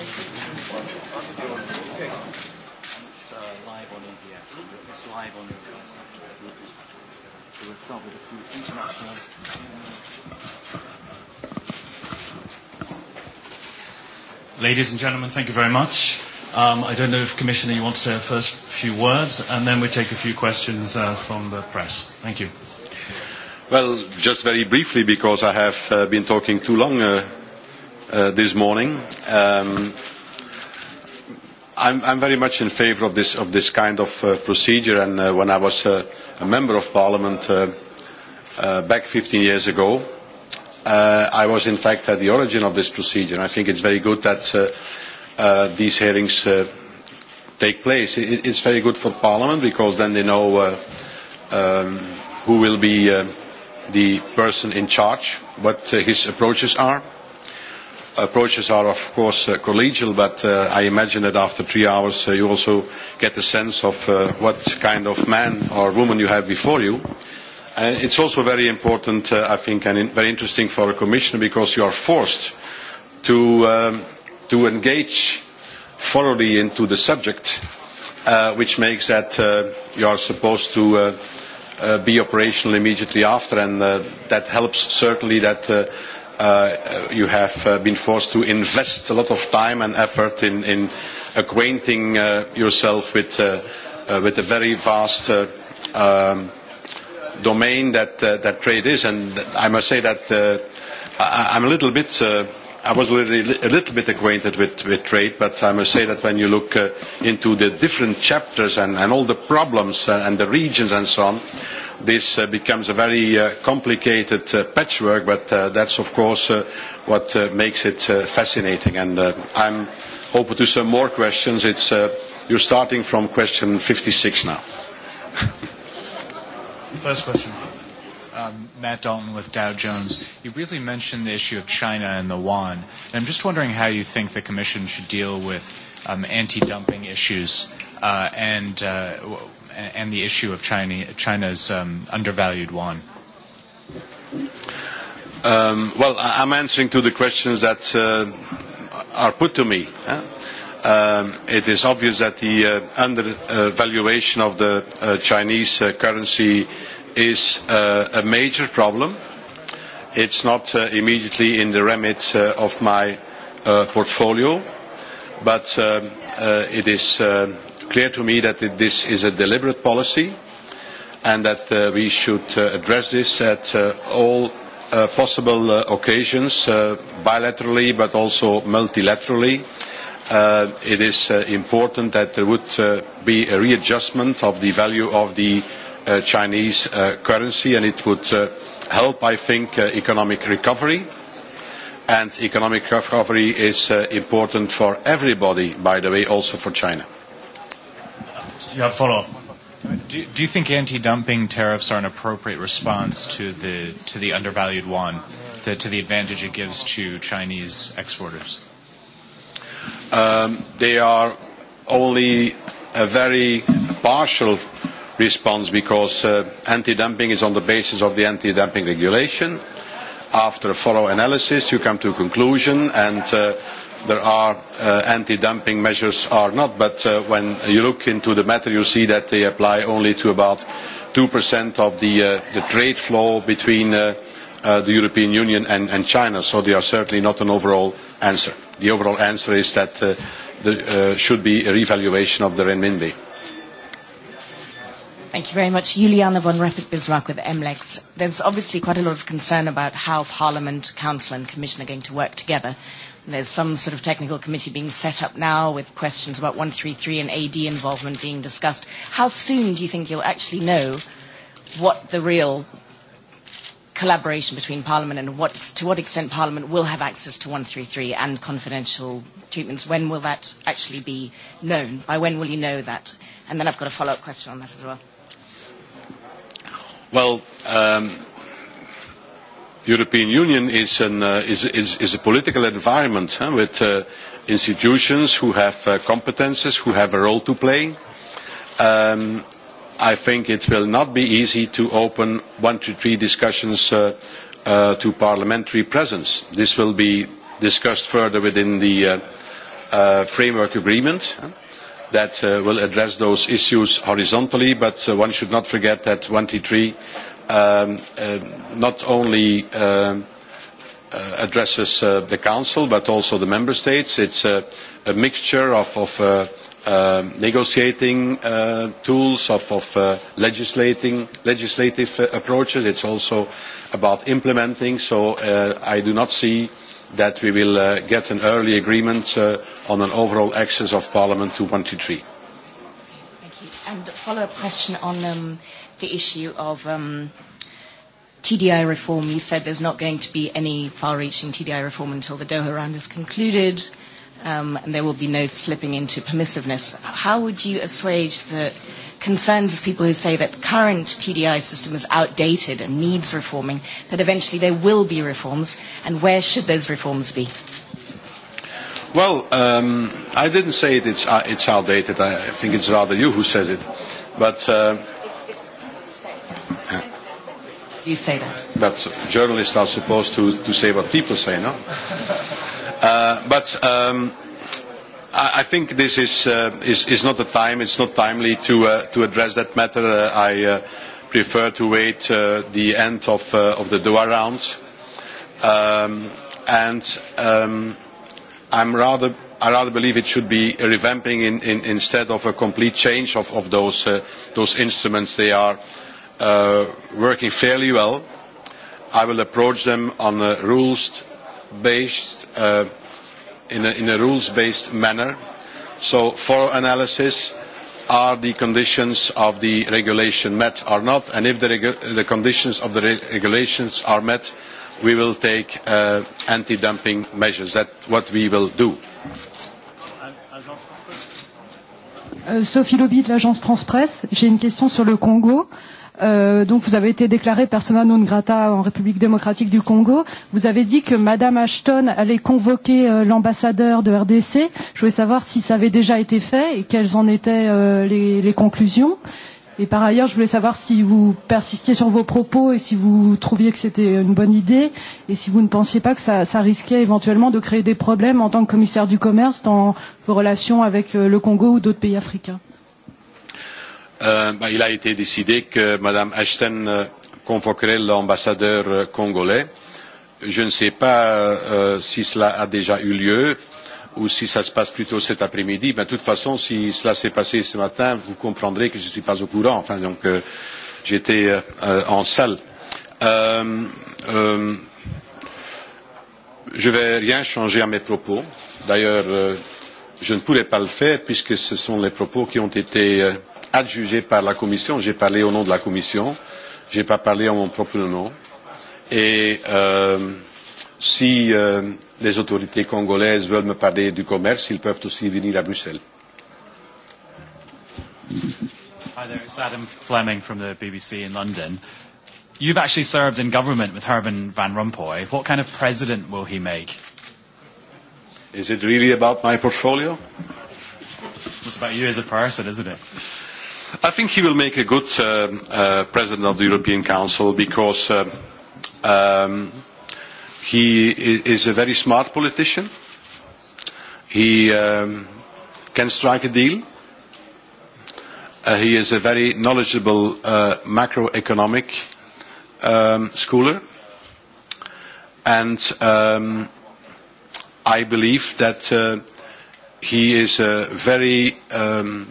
It's uh, live on EBS. It's live on EBS. So we'll start with a few international. Ladies and gentlemen, thank you very much. Um, I don't know if Commissioner, you want to say a first few words, and then we take a few questions uh, from the press. Thank you. Well, just very briefly, because I have uh, been talking too long. Uh, uh, this morning. Um, I'm, I'm very much in favour of this, of this kind of uh, procedure and uh, when I was uh, a member of parliament uh, uh, back 15 years ago, uh, I was in fact at the origin of this procedure. I think it's very good that uh, uh, these hearings uh, take place. It, it's very good for Parliament because then they know uh, um, who will be uh, the person in charge, what uh, his approaches are approaches are, of course, uh, collegial, but uh, I imagine that after three hours uh, you also get a sense of uh, what kind of man or woman you have before you. It it's also very important, uh, I think, and in very interesting for a commissioner because you are forced to, um, to engage thoroughly into the subject, uh, which makes that uh, you are supposed to uh, uh, be operational immediately after, and uh, that helps certainly that uh, you have been forced to invest a lot of time and effort in, acquainting yourself with, the very vast domain that, trade is. And I must say that I, am a little bit, I was already a little bit acquainted with, trade, but I must say that when you look into the different chapters and, all the problems and the regions and so on, this becomes a very complicated patchwork, but that is of course what makes it fascinating. And I am open to some more questions. It's, uh, you're starting from question fifty six now. First question. Matt Dalton with Dow Jones. You briefly mentioned the issue of China and the yuan. And I'm just wondering how you think the Commission should deal with um, anti-dumping issues uh, and uh, and the issue of China's undervalued yuan? Well, I'm answering to the questions that are put to me. It is obvious that the undervaluation of the Chinese currency is a major problem. It's not immediately in the remit of my portfolio, but it is clear to me that this is a deliberate policy and that we should address this at all possible occasions, bilaterally but also multilaterally. it is important that there would be a readjustment of the value of the Chinese currency and it would help, I think, economic recovery. And economic recovery is important for everybody, by the way, also for China you have follow-up. Do, do you think anti-dumping tariffs are an appropriate response to the to the undervalued yuan, the, to the advantage it gives to Chinese exporters? Um, they are only a very partial response because uh, anti-dumping is on the basis of the anti-dumping regulation. After a thorough analysis, you come to a conclusion and. Uh, there are anti-dumping measures or not, but when you look into the matter, you see that they apply only to about 2% of the trade flow between the European Union and China, so they are certainly not an overall answer. The overall answer is that there should be a revaluation of the renminbi. Thank you very much. Juliana von Rapid-Bismarck with MLEX. There's obviously quite a lot of concern about how Parliament, Council and Commission are going to work together there's some sort of technical committee being set up now with questions about 133 and AD involvement being discussed. How soon do you think you'll actually know what the real collaboration between Parliament and what, to what extent Parliament will have access to 133 and confidential treatments? When will that actually be known? By when will you know that? And then I've got a follow-up question on that as well. Well, um, European Union is, an, uh, is, is, is a political environment huh, with uh, institutions who have uh, competences, who have a role to play. Um, I think it will not be easy to open one to three discussions uh, uh, to parliamentary presence. This will be discussed further within the uh, uh, framework agreement that uh, will address those issues horizontally, but uh, one should not forget that one three not only addresses the Council but also the Member States. It's a, a mixture of, negotiating tools, of, legislative approaches. It's also about implementing, so I do not see that we will get an early agreement on an overall access of Parliament to one hundred and three. Thank you. And a follow-up question on the issue of um, TDI reform. You said there's not going to be any far-reaching TDI reform until the Doha round is concluded, um, and there will be no slipping into permissiveness. How would you assuage the concerns of people who say that the current TDI system is outdated and needs reforming, that eventually there will be reforms, and where should those reforms be? Well, um, I didn't say it, it's, uh, it's outdated. I think it's rather you who says it. But uh, you say that. But journalists are supposed to, to say what people say, no? uh, but um, I, I think this is, uh, is, is not the time, it's not timely to, uh, to address that matter. Uh, I uh, prefer to wait uh, the end of, uh, of the Doha rounds. Um, and um, I'm rather I rather believe it should be a revamping in, in, instead of a complete change of, of those, uh, those instruments. They are working fairly well. I will approach them on a rules based in a, in a rules based manner. So for analysis, are the conditions of the regulation met or not? And if the, the conditions of the regulations are met, we will take anti-dumping measures. That's what we will do. Sophie Lobby de l'agence Transpresse. J'ai une question sur le Congo. Euh, Euh, donc vous avez été déclaré persona non grata en République démocratique du Congo. Vous avez dit que Madame Ashton allait convoquer euh, l'ambassadeur de RDC. Je voulais savoir si ça avait déjà été fait et quelles en étaient euh, les, les conclusions. Et par ailleurs, je voulais savoir si vous persistiez sur vos propos et si vous trouviez que c'était une bonne idée et si vous ne pensiez pas que ça, ça risquait éventuellement de créer des problèmes en tant que commissaire du commerce dans vos relations avec le Congo ou d'autres pays africains il a été décidé que Mme Ashton convoquerait l'ambassadeur congolais. Je ne sais pas si cela a déjà eu lieu ou si cela se passe plutôt cet après-midi. Mais de toute façon, si cela s'est passé ce matin, vous comprendrez que je ne suis pas au courant. Enfin, donc, j'étais en salle. je ne vais rien changer à mes propos. D'ailleurs, je ne pourrais pas le faire puisque ce sont les propos qui ont été adjugé par la Commission. J'ai parlé au nom de la Commission. Je n'ai pas parlé en mon propre nom. Et si les autorités congolaises veulent me parler du commerce, ils peuvent aussi venir à Bruxelles. Hi there, it's Adam Fleming from the BBC in London. You've actually served in government with Herman Van Rompuy. What kind of president will he make? Is it really about my portfolio? It's about you as a person, isn't it? I think he will make a good uh, uh, president of the European Council because uh, um, he is a very smart politician. He um, can strike a deal. Uh, he is a very knowledgeable uh, macroeconomic um, schooler. And um, I believe that uh, he is a very um,